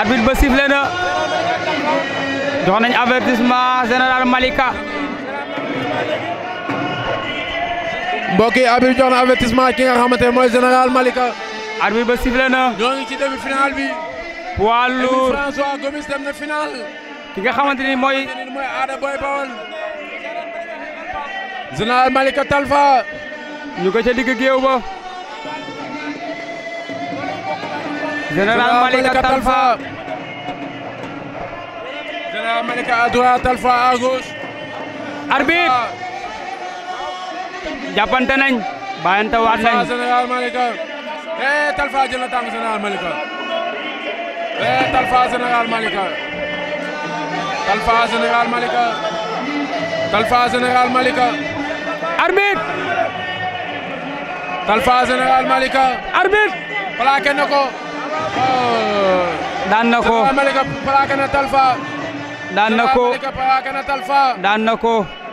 arbitre ba sifflé na jox nañ avertissement général Malika. mbokk yi arbitre jox avertissement ki nga xamante ne mooy général Malika. arbitre ba sifflé na. ñoo ci demi final bi. poids lourd François Gomis dem na final. ki nga xamante ni mooy. mooy Ada Boy Baol. général Malika Talfa. ñu ko ca digg géew ba. Général Malika Talfa Général Malika à droite Talfa à gauche. arbitre. waat nañ Talfa Malika. eh Talfa jël na tànk Malika. eh Talfa Général Malika. Talfa Général Malika. Talfa Général Malika. arbitre. Talfa Général Malika. arbitre. plaqué na daan na ko daan na ko daan na ko